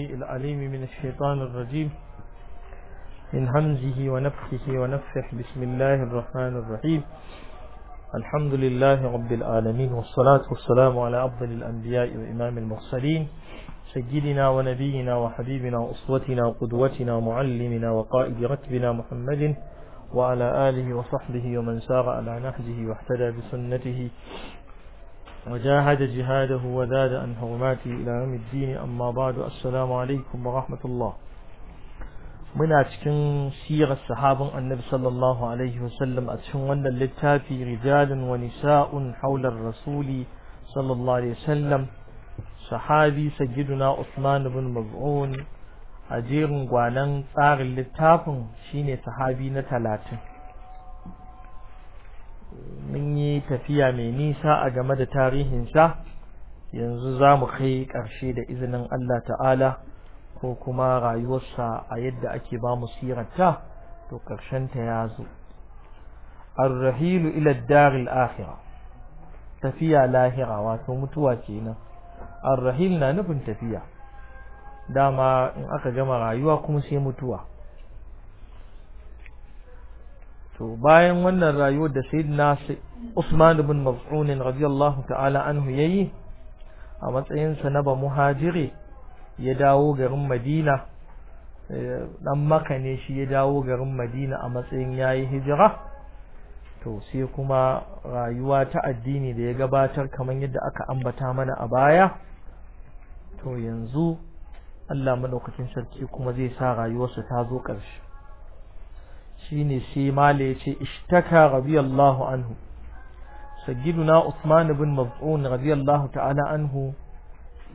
العليم من الشيطان الرجيم من همزه ونفخه ونفخه بسم الله الرحمن الرحيم الحمد لله رب العالمين والصلاة والسلام على أفضل الأنبياء وإمام المرسلين سيدنا ونبينا وحبيبنا وأسوتنا وقدوتنا ومعلمنا وقائد ركبنا محمد وعلى آله وصحبه ومن سار على نهجه واحتدى بسنته وجاهد جهاده وزاد عن حرماته إلى يوم الدين أما بعد السلام عليكم ورحمة الله منا تكن سير الصحابة النبي صلى الله عليه وسلم أتشون للتافي رجال ونساء حول الرسول صلى الله عليه وسلم صحابي سيدنا عثمان بن مضعون أجير وانا صار للتاف شيني صحابي نتلاتن mun yi tafiya mai nisa a game da tarihinsa yanzu za mu kai ƙarshe da izinin Allah ta'ala ko kuma rayuwarsa a yadda ake ba mu sirarta to ta ya zo arrahilu iladdari daril tafiya lahira wato mutuwa kenan arrahil na nufin tafiya dama in aka gama rayuwa kuma sai mutuwa to bayan wannan rayuwar da sayyidina Usman ibn Maz'un radiyallahu ta'ala anhu yayi a matsayinsa na ba muhajiri ya dawo garin Madina dan eh, maka ne shi ya dawo garin Madina a matsayin yayi hijira to sai kuma rayuwa ta addini da ya gabatar kamar yadda aka ambata mana a baya to yanzu Allah madaukakin sarki kuma zai sa rayuwarsa ta zo ƙarshe shine sai mala yace ishtaka radiyallahu anhu sayyiduna Uthman ibn Maz'un radiyallahu ta'ala anhu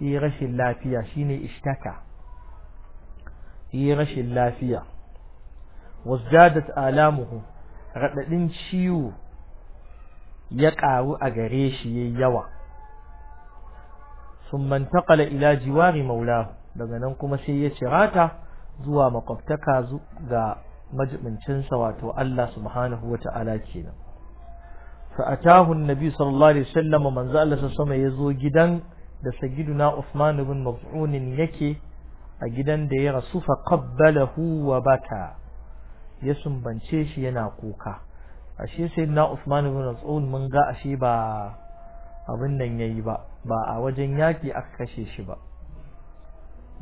yi rashin lafiya shine ishtaka yi rashin lafiya wazdadat alamuhu radadin ciwo ya karu a gare shi yayi yawa sun mantakala ila jiwari maulahu daga nan kuma sai ya cirata zuwa makwabtaka ga majibincinsa wato Allah subhanahu wa ta'ala kenan فأتاه sallallahu Alaihi ya عليه وسلم من زال سما يزو gidan da sagiduna Usman ibn Maz'un yake a gidan da ya rasu fa qabbalahu wa baka ya sumbance shi yana kuka ashe sai na Usman ibn Maz'un mun ga ashe ba abin nan yayi ba ba a wajen yaki aka kashe shi ba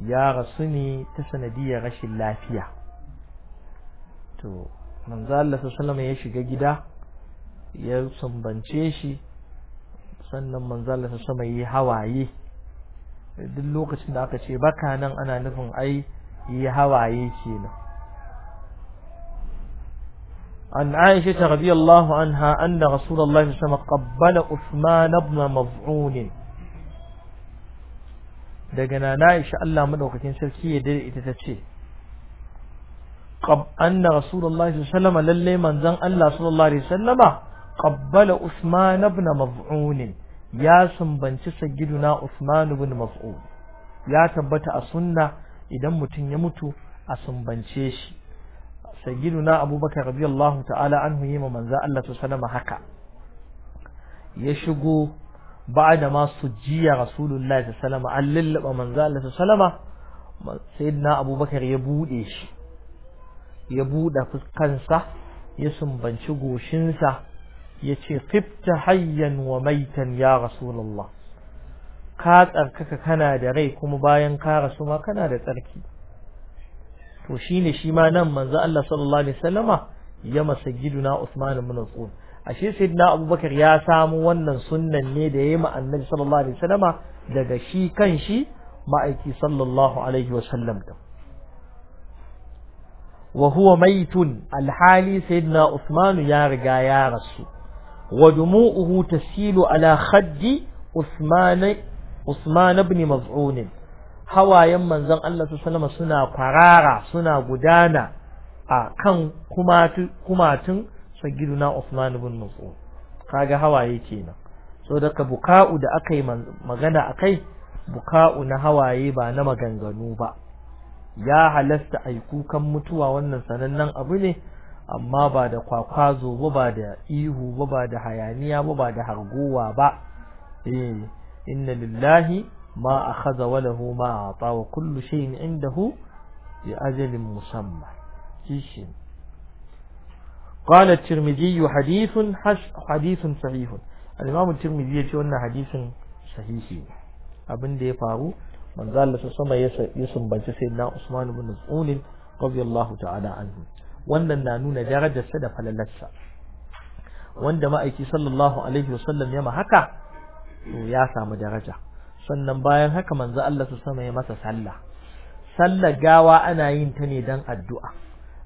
ya rasu ne ta sanadiyar rashin lafiya to manzo Allah sallallahu ya shiga gida ya sumbance shi sannan manzo Allah sallallahu alaihi hawaye duk lokacin da aka ce baka nan ana nufin ai yi hawaye kenan عن عائشة رضي الله عنها أن رسول الله صلى الله عليه وسلم قبل عثمان بن مضعون دقنا نائشة الله مدوكة سلكية دل إتتتشي anna rasulullahi sallallahu alaihi wasallam lalle manzon Allah sallallahu alaihi wasallama qabbala Usman ibn Maf'un ya sumbanci sayyiduna Usman ibn Maf'un ya tabbata a sunna idan mutum ya mutu a sumbance shi sayyiduna Abubakar radiyallahu ta'ala anhu yima manzon Allah sallallahu alaihi haka ya shigo ba'da ma sujjiya rasulullahi sallallahu alaihi wasallama an lallaba manzon Allah sallallahu alaihi wasallama sayyidina Abubakar ya bude shi ya buɗe fuskansa ya sumbanci goshinsa ya ce qifta hayyan wa maitan ya rasulallah ka tsarkaka kana da rai kuma bayan ka rasu ma kana da tsarki to shine shi ma nan manzo Allah sallallahu alaihi wasallama ya masajiduna Usman ibn Affan ashe sayyidina Abubakar ya samu wannan sunnan ne da yayi ma Annabi sallallahu alaihi wasallama daga shi kanshi ma'aiki sallallahu alaihi wasallam wa huwa maitun alhali sayyidina Usmanu ya riga ya rasu wa dumu'uhu tasilu ala khaddi Usman Usman ibn Maz'un hawayen manzon Allah sallallahu suna farara suna gudana a kan kumatun sagiduna Usman ibn Maz'un kaga hawaye kenan so daga buka'u da aka yi magana akai buka'u na hawaye ba na maganganu ba ya halasta a yi kukan mutuwa wannan sanannen abu ne amma ba da kwakwazo ba ba da ihu ba ba da hayaniya ba ba da hargowa ba eh inna lillahi ma akhadha wa hu ma a tsawa kullu shay'in hu bi ajalin musamma shi قال الترمذي حديث حديث صحيح الإمام الترمذي يقول أن حديث صحيح abin da ya faru من ذا الله سما يسم بنش سيدنا عثمان بن مسعود رضي الله تعالى عنه wannan na nuna darajarsa da falalarsa wanda ma'aiki sallallahu alaihi wasallam ya haka to ya samu daraja sannan bayan haka manzo Allah su sama ya masa sallah sallar gawa ana yin ta ne dan addu'a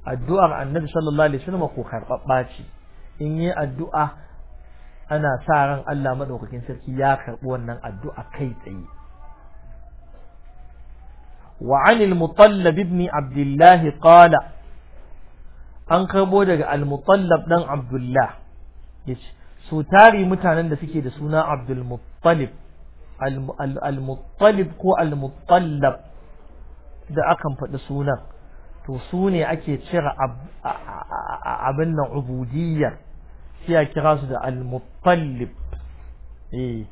addu'ar annabi sallallahu alaihi wasallam ko karbabba ce in yi addu'a ana sa ran Allah madaukakin sarki ya karbi wannan addu'a kai tsaye وعن المطلب ابن عبد الله قال an karbo daga al dan abdullah yace su tari mutanen da suke da suna abdul muttalib al-muttalib ko al da akan faɗi sunan to su ne ake cire abin nan ubudiyya sai a kira su da al eh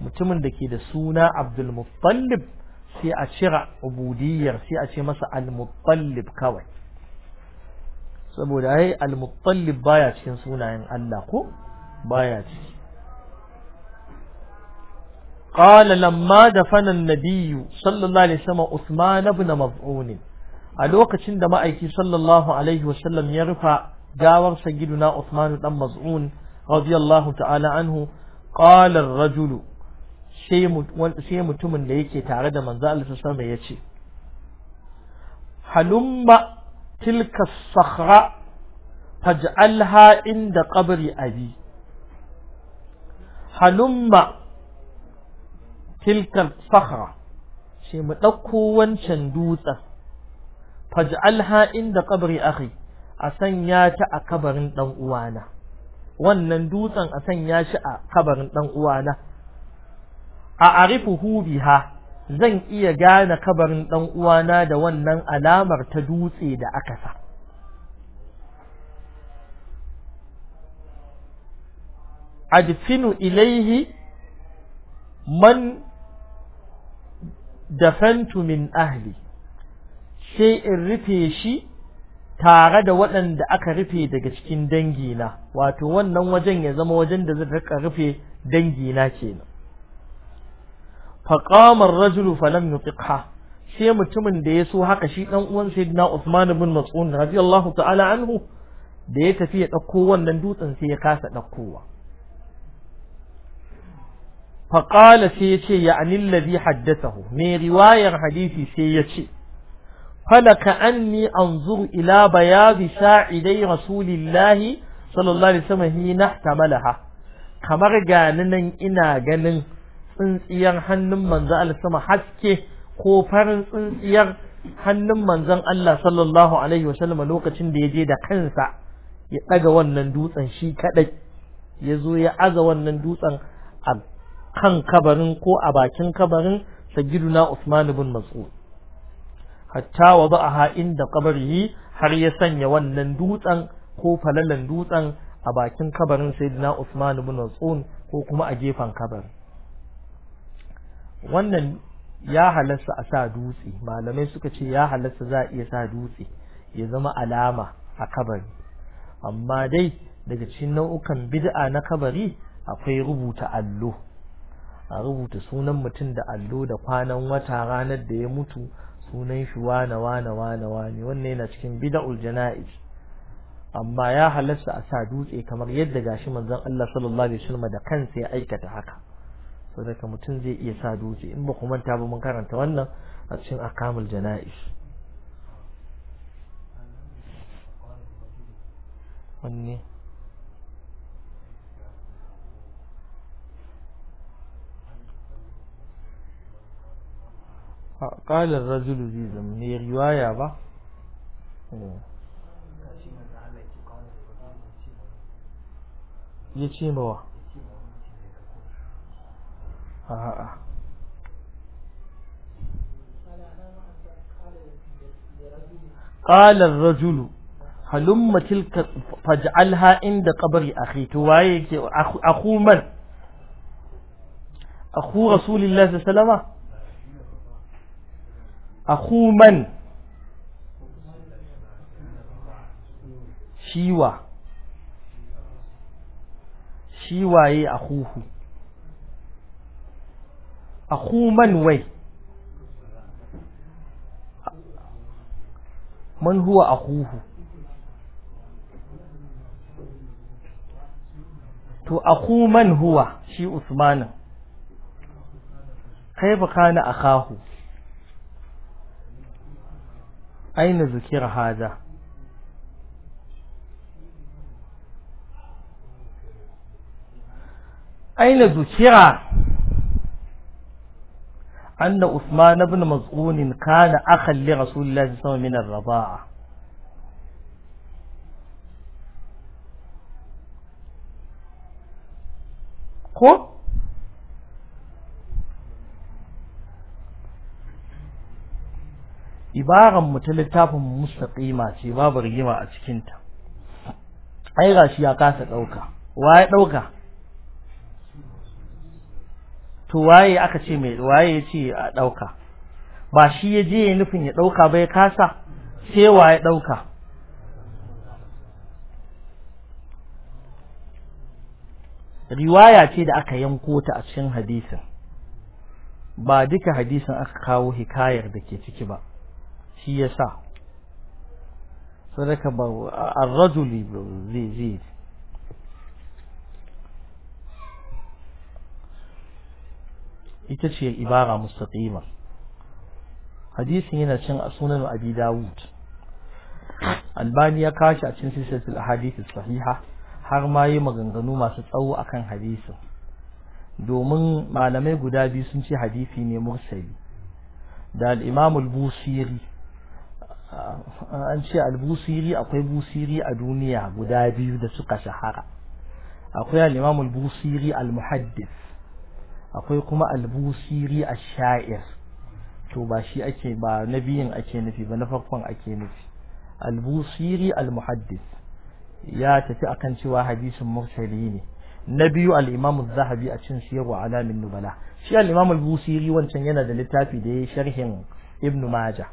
mutumin da ke da suna abdul muttalib sai a cira ubudiyar sai a ce masa al-muttalib kawai saboda ai al-muttalib baya cikin sunayen Allah ko baya ciki qala lamma dafana an-nabiy sallallahu alaihi wasallam Uthman ibn Maz'un a lokacin da ma'aiki sallallahu alaihi wa sallam ya rufa gawar sa sagiduna Uthman dan Maz'un radiyallahu ta'ala anhu qala ar-rajulu sai mutumin da yake tare da manzo Allah sama ya ce halumma tilka sakhra faj'alha inda qabri abi halumma tilka sakhra sai mu dauko wancan dutsen faj'alha inda qabri akhi a sanya ta a kabarin dan uwana wannan dutsen a sanya shi a kabarin dan uwana a arifuhu biha zan iya gane kabarin dan uwana da wannan alamar ta dutse da aka sa adfinu ilaihi man dafantu min ahli sai in rufe shi tare da waɗanda aka rufe daga cikin dangina wato wannan wajen ya zama wajen da zai rika rufe dangina kenan Faƙamar الرجل فلم يطقها sai mutumin da ya so haka shi dan uwan sayyidina Uthman ibn Mas'ud radiyallahu anhu da ya tafi ya dauko wannan dutsen sai ya kasa daukowa fa qala sai yace ya anil ladhi haddathahu mai riwayar hadisi sai yace falaka anni anzuru ila bayadi sa'idai rasulillahi sallallahu alaihi wasallam hina tamalaha kamar ganin ina ganin tsintsiyar hannun manzo al-sama haske ko farin tsintsiyar hannun manzon Allah sallallahu alaihi wasallam lokacin da ya je da kansa ya daga wannan dutsen shi kadai ya zo ya aza wannan dutsen a kan kabarin ko a bakin kabarin sagiduna Usman ibn Mas'ud hatta da inda kabarihi har ya sanya wannan dutsen ko falalan dutsen a bakin kabarin sayyidina Usman ibn Mas'ud ko kuma a gefen kabarin wannan ya halasta a sa dutse malamai suka ce ya halasta za a iya sa dutse ya zama alama a kabari amma dai daga cikin nau'ukan bid'a na kabari akwai rubuta allo a rubuta sunan mutum da allo da kwanan wata ranar da ya mutu sunan shi wane wane wane wane wannan yana cikin bid'ul jana'is amma ya halasta a sa dutse kamar yadda gashi manzon Allah sallallahu alaihi wasallam da kansa ya aikata haka so daga mutum zai iya sa dutse in ba ku manta ba mun karanta wannan a cikin akamul jana'is wanne قال الرجل ذي زمن رواية با يتيموا a'a qala ar-rajulu halumma tilka faj'alha inda qabri akhi to waye yake akhu shiwa shiwaye akhu man wai man huwa akhuhu to akhu man huwa shi usmanin kaifa kana akahu aina zikira hada aina zikira أن أثمان بن مزعون كان أخا لرسول الله صلى الله عليه وسلم من الرضاعة ibaran mu ta littafin mustaqima ce babu rigima a cikinta ai gashi ya kasa dauka wa ya dauka to waye aka ce mai waye ya ce a ɗauka ba shi ya je ya nufin ya ɗauka ba ya kasa sai waye ɗauka riwaya ce da aka yanko ta a cikin hadisin ba duka hadisin aka kawo hikayar da ke ciki ba shi ya sa sadaka ba a rajuli zai zai ita ce ibara mustaqima hadisin yana cin a sunan abi dawud albani ya kashi a cin silsilatul ahadith sahiha har ma yi maganganu masu tsawo akan hadisin domin malamai guda biyu sun ce hadisi ne mursali da al-imam al-busiri an ce al-busiri akwai busiri a duniya guda biyu da suka shahara akwai al-imam al-busiri al-muhaddith akwai kuma albusiri a sha'ir to ba shi ake ba na biyun ake nufi ba na farkon ake nufi albusiri almuhaddis ya tafi akan cewa hadisin murtali ne na biyu al zahabi a cin siyarwa wa alamin nubala shi al busiri wancan yana da littafi da ya yi sharhin ibn maja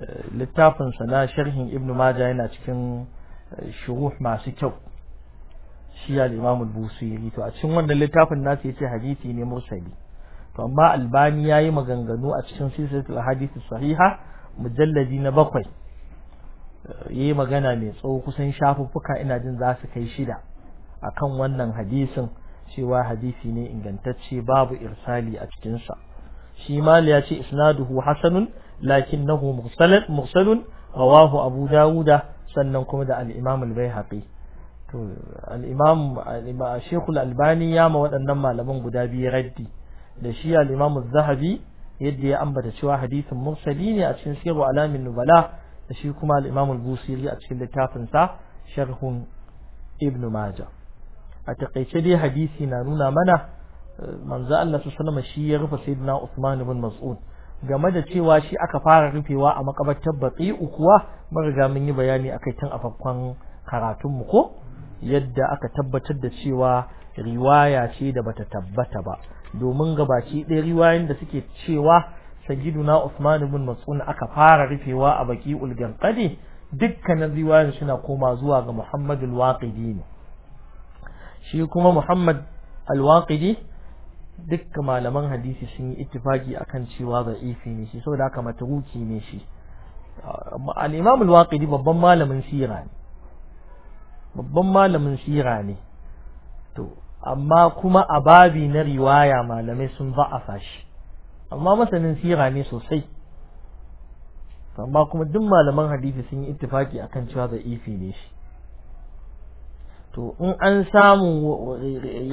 eh, littafin na sharhin ibn maja yana cikin eh, shuruh masu kyau shi ya busiri to a cikin wannan littafin nasu yace hadisi ne mursali to amma Albani yayi maganganu a cikin silsilatul hadisi sahiha mujalladi na bakwai yayi magana mai tsawo kusan shafuffuka ina jin za su kai shida akan wannan hadisin cewa hadisi ne ingantacce babu irsali a cikin sa shi mal ya ce isnaduhu hasanun lakinnahu mursalun rawahu abu dawuda sannan kuma da al-imam al-baihaqi to al-imam al albani ya ma waɗannan malaman guda biyu raddi da shi al-imam zahabi yadda ya ambata cewa hadisin mursali ne a cikin sirru alamin nubala da shi kuma al-imam al-busiri a cikin littafin sa sharhun ibn majah a takaice dai hadisi na nuna mana eh, manzo Allah sallallahu alaihi shi ya rufe sayyidina Usman ibn Mas'ud game da cewa shi aka fara rufewa a makabartar baƙi kuwa mun riga mun yi bayani akai tun a farkon karatun mu ko yadda aka tabbatar da cewa riwaya ce da bata tabbata ba domin gabaci ɗaya riwayoyin da suke cewa sayyiduna Usman ibn Mas'ud aka fara rufewa a baki ulganqadi dukkanin riwayoyin suna koma zuwa ga Muhammad al-Waqidi ne shi kuma Muhammad al-Waqidi duk malaman hadisi sun yi ittifaki akan cewa ifi ne shi saboda haka matruki ne shi al-Imam al-Waqidi babban malamin sira ne babban malamin sira ne to amma kuma a babi na riwaya malamai sun za'afa shi amma masanin sira ne sosai amma kuma duk malaman hadisi sun yi ittifaki akan cewa da ifi ne shi to in an samu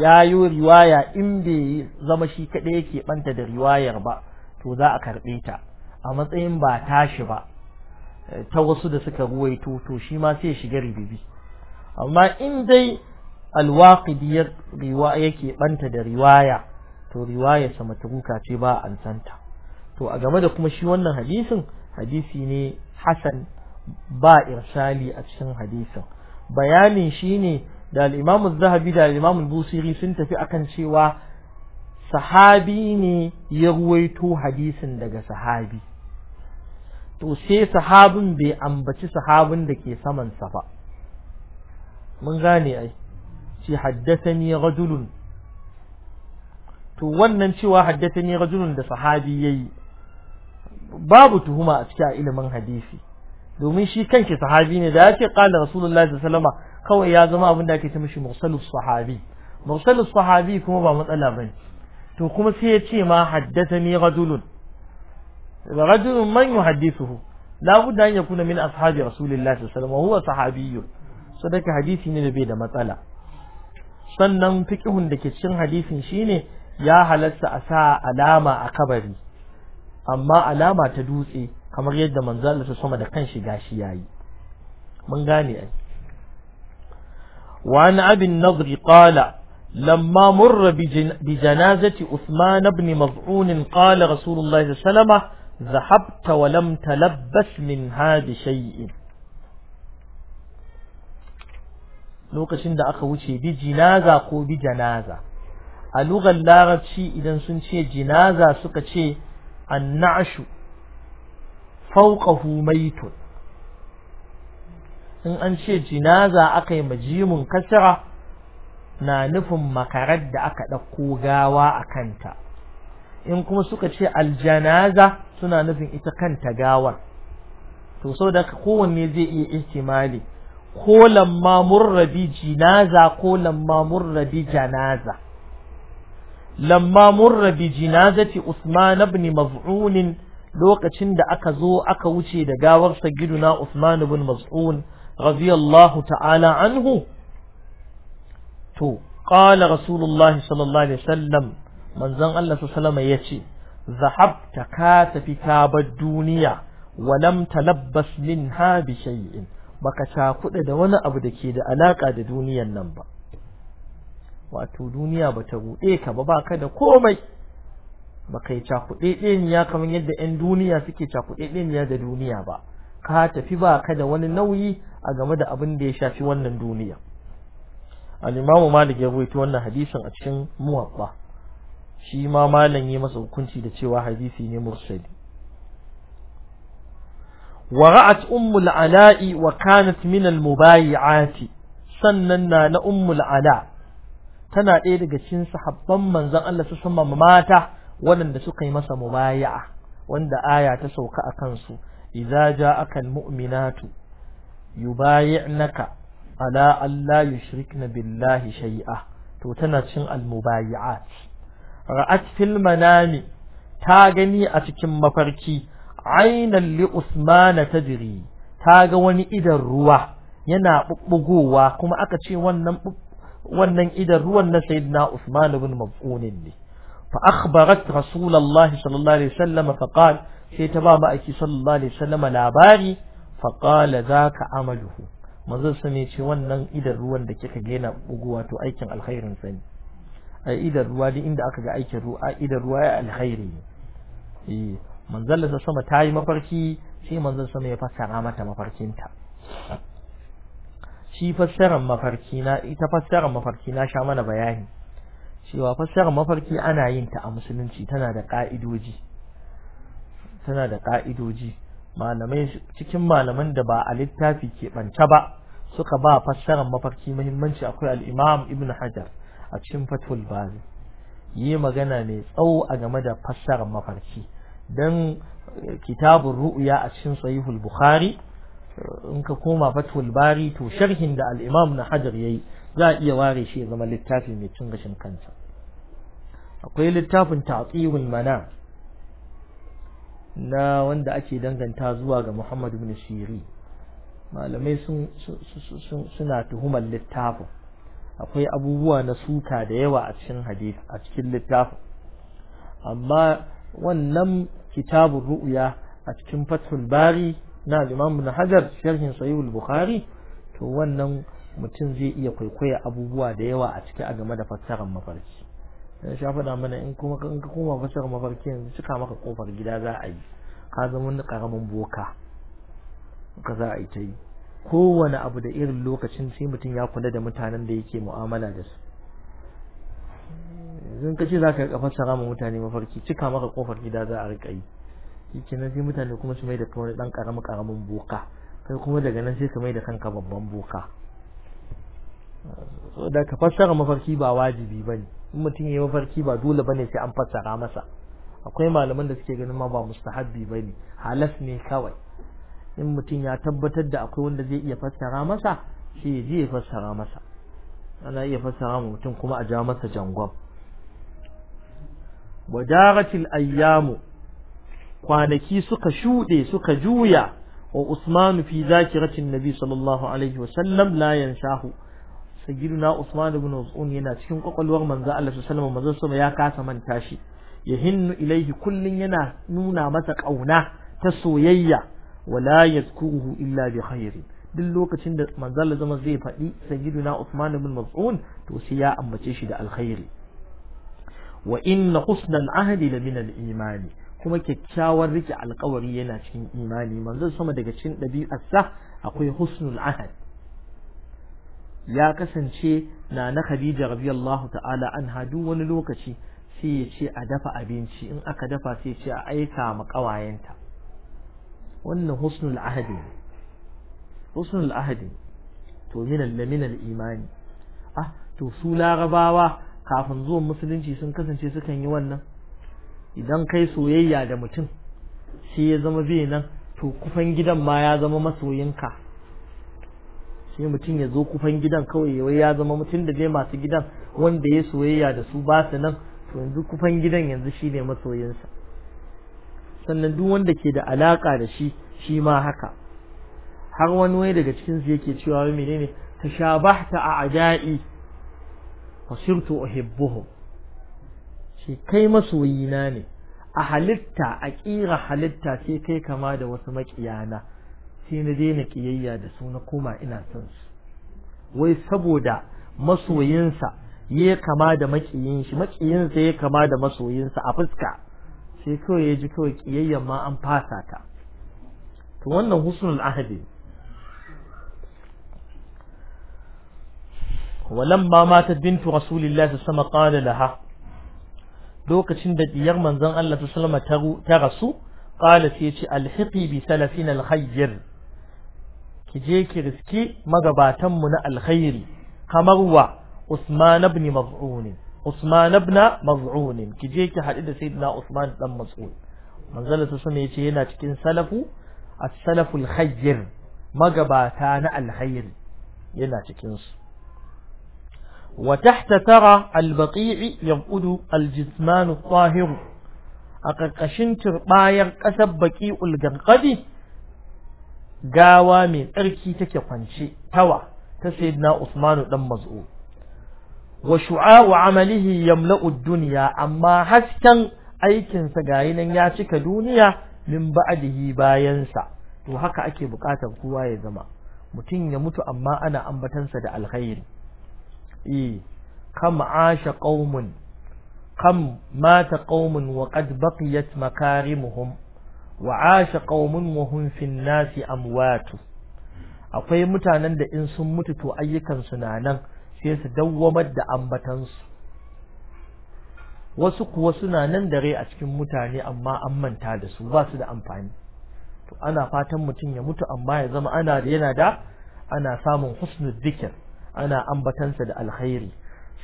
yayo riwaya in bai zama shi kaɗai yake ɓanta da riwayar ba to za a karɓe ta a matsayin ba tashi ba eh, ta wasu da suka ruwaito to shi ma sai shiga ribibi amma in dai alwaqidi yake banta da riwaya to riwaya sa matruka ce ba an santa to a game da kuma shi wannan hadisin hadisi ne hasan ba irsali a cikin hadisin bayanin shine da al-Imam az-Zahabi da al-Imam al-Busiri sun tafi akan cewa sahabi ne ya ruwaito hadisin daga sahabi to sai sahabin bai ambaci sahabin da ke saman sa ba mun gane ai shi haddathani rajulun to wannan cewa haddathani rajulun da sahabi yayi babu tuhuma a cikin ilimin hadisi domin shi kanki sahabi ne da yake qala rasulullahi sallallahu alaihi kawai ya zama abin da ake ce mishi mursalus sahabi mursalus sahabi kuma ba matsala bane to kuma sai ya ce ma haddathani rajulun rajulun man yuhaddithuhu la budda an yakuna min ashabi rasulillahi sallallahu alaihi wasallam wa huwa sahabiyyun sadaka hadisi ne da bai da matsala sannan fiqhun da ke cikin hadisin shine ya halatta a sa alama a kabari amma alama ta dutse kamar yadda manzo Allah sama da kanshi shi yayi mun gane ai wa an abin an-nadr qala لما مر بجنازة عثمان بن مضعون قال رسول الله صلى الله عليه ذهبت ولم تلبس من هذا شيء lokacin da aka wuce bi jinaza ko bi janaza a lugar larabci idan sun ce jinaza suka ce annashu Fauka maitun in an ce jinaza aka yi majimun kasara na nufin makarar da aka ɗauko gawa a kanta in kuma suka ce aljanaza suna nufin ita kanta gawar to sau da kowanne zai iya ihtimali ko lamma rabi jinaza ko lamma rabi janaza lamma jinaza jinazati Usman ibn Maz'un lokacin da aka zo aka wuce da gawar giduna Usman ibn Maz'un radiyallahu ta'ala anhu to qala rasulullah sallallahu alaihi wasallam manzon Allah sallallahu alaihi yace zahabta ka tafi ta bar duniya wa lam talabbas minha bi shay'in baka cakuɗe da wani abu da ke da alaƙa da duniyan nan ba wato duniya ba ta ruɗe ka ba baka da komai baka yi ya kamar yadda 'yan duniya suke ya da duniya ba ka tafi ba ka da wani nauyi a game da abin da ya shafi wannan duniya al-imamu malik ya rubuta wannan hadisin a cikin muwatta shi ma malam yi masa hukunci da cewa hadisi ne mursali ورأت أم العلاء وكانت من المبايعات سننا لأم العلاء tana ɗaya daga cikin sahabban manzon Allah su sama mata waɗanda suka yi masa mubaya'a wanda aya ta sauka a kansu Iza idza ja'aka almu'minatu yubayi'naka ala Allah alla yushrikna billahi shai'a. to tana cin almubayi'at ra'at fil manami ta gani a cikin mafarki ainan li Usman tajri ta ga wani idan ruwa yana bubbugowa kuma aka ce wannan wannan idan ruwan na sayyidina usman ibn maf'un ne fa akhbarat rasulullahi sallallahu alaihi wasallam fa qala sai ta ba ma'aiki sallallahu alaihi wasallam labari fa qala zaka amaluhu manzon sa ne ce wannan idan ruwan da kika ga yana bubbugowa to aikin alkhairin sa ne ai idan ruwa din inda aka ga aikin ruwa idan ruwa ya alkhairi eh manzon sa sama ta yi mafarki sai manzon sama ya fassara mata mafarkinta shi fassaran mafarki na ita fassarar mafarki na sha mana bayani cewa fassarar mafarki ana yin ta a musulunci tana da ka'idoji tana da ka'idoji malamai cikin malaman da ba a littafi ke banta ba suka ba fassarar mafarki muhimmanci akwai al-Imam Ibn Hajar a cikin Fathul Bari yi magana mai tsawo a game da fassarar mafarki dan kitabun ru'ya a cikin sahihul bukhari in ka koma fatul bari to sharhin da al-imam na hajar yayi za a iya ware shi ya zama littafi mai cin gashin kansa akwai littafin ta'qibul mana na wanda ake danganta zuwa ga Muhammad ibn shiri malamai sun suna tuhumar littafin akwai abubuwa na suka da yawa a cikin hadith a cikin littafin amma wannan kitabun ru'uya a cikin fatul bari na imam ibn hajar sharhin al bukhari to wannan mutum zai iya kwaikwaya abubuwa da yawa a ciki a game da fassarar mafarki dan sha fada mana in kuma in ka koma fassarar mafarki yanzu cika maka kofar gida za a yi ka zama wani karamin boka ka za a yi ta yi kowane abu da irin lokacin sai mutum ya kula da mutanen da yake mu'amala da su idan ka ce za ka fasara fassara ma mutane mafarki cika maka kofar gida za a rika yi shi nan sai mutane kuma su mai da kawai dan karamin karamin boka kai kuma daga nan sai ka mai da kanka babban boka da ka fassara mafarki ba wajibi bane in mutum ya yi mafarki ba dole bane sai an fassara masa akwai malaman da suke ganin ma ba mustahabbi bane halas ne kawai in mutum ya tabbatar da akwai wanda zai iya fassara masa shi ya je ya fassara masa ana iya fassara mutum kuma a ja masa jangon wadaratil ayyamu kwanaki suka shuɗe suka juya wa Usman fi zakiratin Nabi sallallahu alaihi sallam la yanshahu sayyiduna Usman ibn Uzun yana cikin kwakwalwar manzo Allah sallallahu alaihi wasallam ya kasa manta shi hinnu ilaihi kullun yana nuna masa kauna ta soyayya wala yazkuruhu illa bi khairin duk lokacin da manzo Allah zama zai faɗi sayyiduna Usman ibn Mas'un to sai ya ambace shi da alkhairi wa inna husnal ahdi la min al-imani kuma kyakkyawar rike alkawari yana cikin imani manzo sama daga cikin ɗabi'arsa akwai husnul ahad ya kasance na na Khadija radiyallahu ta'ala anha duk wani lokaci sai ya ce a dafa abinci in aka dafa sai ce a aika ma kawayenta wannan husnul ahadi husnul ahadi to min al-min al-imani ah to su larabawa kafin zuwan musulunci sun kasance sukan yi wannan idan kai soyayya da mutum sai ya zama bai nan to kufan gidan ma ya zama masoyinka sai mutum ya zo kufan gidan kawai yawai ya zama mutum da dai masu gidan wanda ya soyayya da su ba su nan to yanzu kufan gidan yanzu shi ne masoyinsa sannan duk wanda ke da alaka da shi shi ma haka har wani wai daga cikinsu yake cewa wai menene ta shabahta a aja'i fasirtu uhibbuhum shi kai masoyina ne a halitta a ƙira halitta sai kai kama da wasu maƙiyana sai na daina ƙiyayya da su na koma ina son su wai saboda masoyinsa ya kama da maƙiyin shi maƙiyinsa ya kama da masoyinsa a fuska sai kawai ya ji kawai ƙiyayyan ma an fasa ta to wannan husnul ahadi ولما ماتت بنت رسول الله صلى الله عليه وسلم قال لها lokacin da diyar manzon Allah sallallahu alaihi ta rasu qala sai ce alhiqi bi salafina alkhayr ki je ki riski magabatan mu na alkhairi kamar wa Usman ibn Maz'un Usman ibn Maz'un ki je ki hadu da sayyidina Usman dan Maz'un manzon Allah sallallahu yace yana cikin salafu as-salaful khayr magabata na alkhairi yana cikin su وتحت ترى البقيع يبعد الجثمان a ƙarƙashin ترباير ƙasar بقيع القرقدي gawa mai tsarki take kwance tawa ta sayyidina Usmanu dan Maz'ud wa shu'a'u amalihi yamla'u dunya amma hasken aikinsa sa gayi ya cika duniya min ba'dihi bayan sa to haka ake buƙatar kowa ya zama mutum ya mutu amma ana ambatan da alkhairi eh kam asha kam mata ƙaumin wa qad baqiyat makarimuhum wa asha qaumun wa hum fin nasi amwatu akwai mutanen da in sun mutu to ayyukan su na nan sai su dawwamar da ambatansu wasu kuwa suna nan da rai a cikin mutane amma an manta da su ba su da amfani to ana fatan mutum ya mutu amma ya zama ana da yana da ana samun husnul dhikr ana ambatansa da alkhairi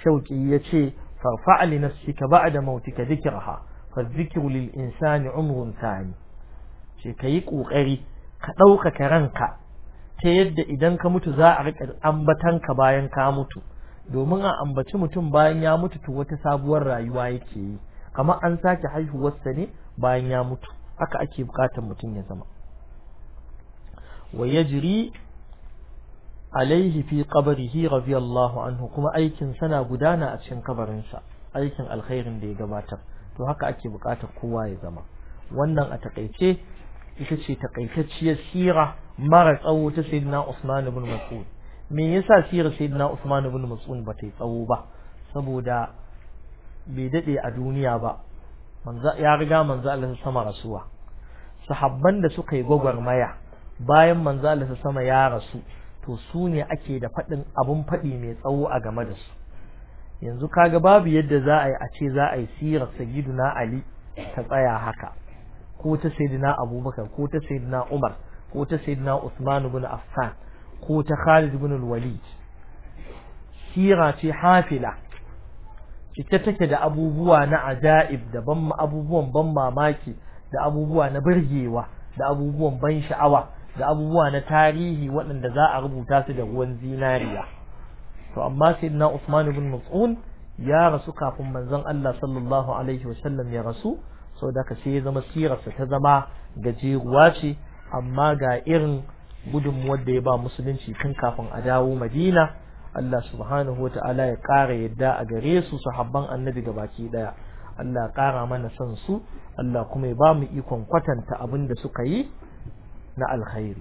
shauki ya ce farfa li ka ba'da mautika dhikraha fa dhikru lil insani umrun thani ce kayi ƙoƙari ka ɗaukaka ranka ta yadda idan ka mutu za a riƙa ambatanka bayan ka mutu domin a ambaci mutum bayan ya mutu to wata sabuwar rayuwa yake yi kamar an sake haihuwarsa ne bayan ya mutu haka ake bukatar mutum ya zama wa yajri alaihi fi qabrihi radiyallahu anhu kuma aikin sana gudana a cikin kabarinsa aikin alkhairin da ya gabatar to haka ake bukatar kowa ya zama wannan a takaice ita ce takaitacciyar sira mara tsawo ta sayyidina Usman ibn Mas'ud me yasa sirar sayyidina Usman ibn Mas'ud ba ta yi tsawo ba saboda bai dade a duniya ba manzo ya riga manzo Allah sama rasuwa sahabban da suka yi gwagwarmaya bayan manzo Allah sama ya rasu to su ne ake da faɗin abun faɗi mai tsawo a game da su yanzu kaga babu yadda za a yi a ce za a yi sirar sayyiduna ali ta tsaya haka ko ta sayyiduna abubakar ko ta sayyiduna umar ko ta sayyiduna usman ibn affan ko ta khalid ibn walid sira ce hafila ita take da abubuwa na ajaib da ban abubuwan ban mamaki da abubuwa na birgewa da abubuwan ban sha'awa da abubuwa na tarihi waɗanda za a rubuta su da ruwan zinariya to amma sayyidina Usman ibn Mas'ud ya rasu kafin manzon Allah sallallahu alaihi wasallam ya rasu so da sai ya zama sirarsa ta zama gajeruwa ce amma ga irin gudunmuwar da ya ba musulunci tun kafin a dawo Madina Allah subhanahu wa ya ƙara yadda a gare su sahabban annabi ga baki ɗaya Allah kara mana son su Allah kuma ya ba mu ikon kwatanta abin da suka yi أثناء الخير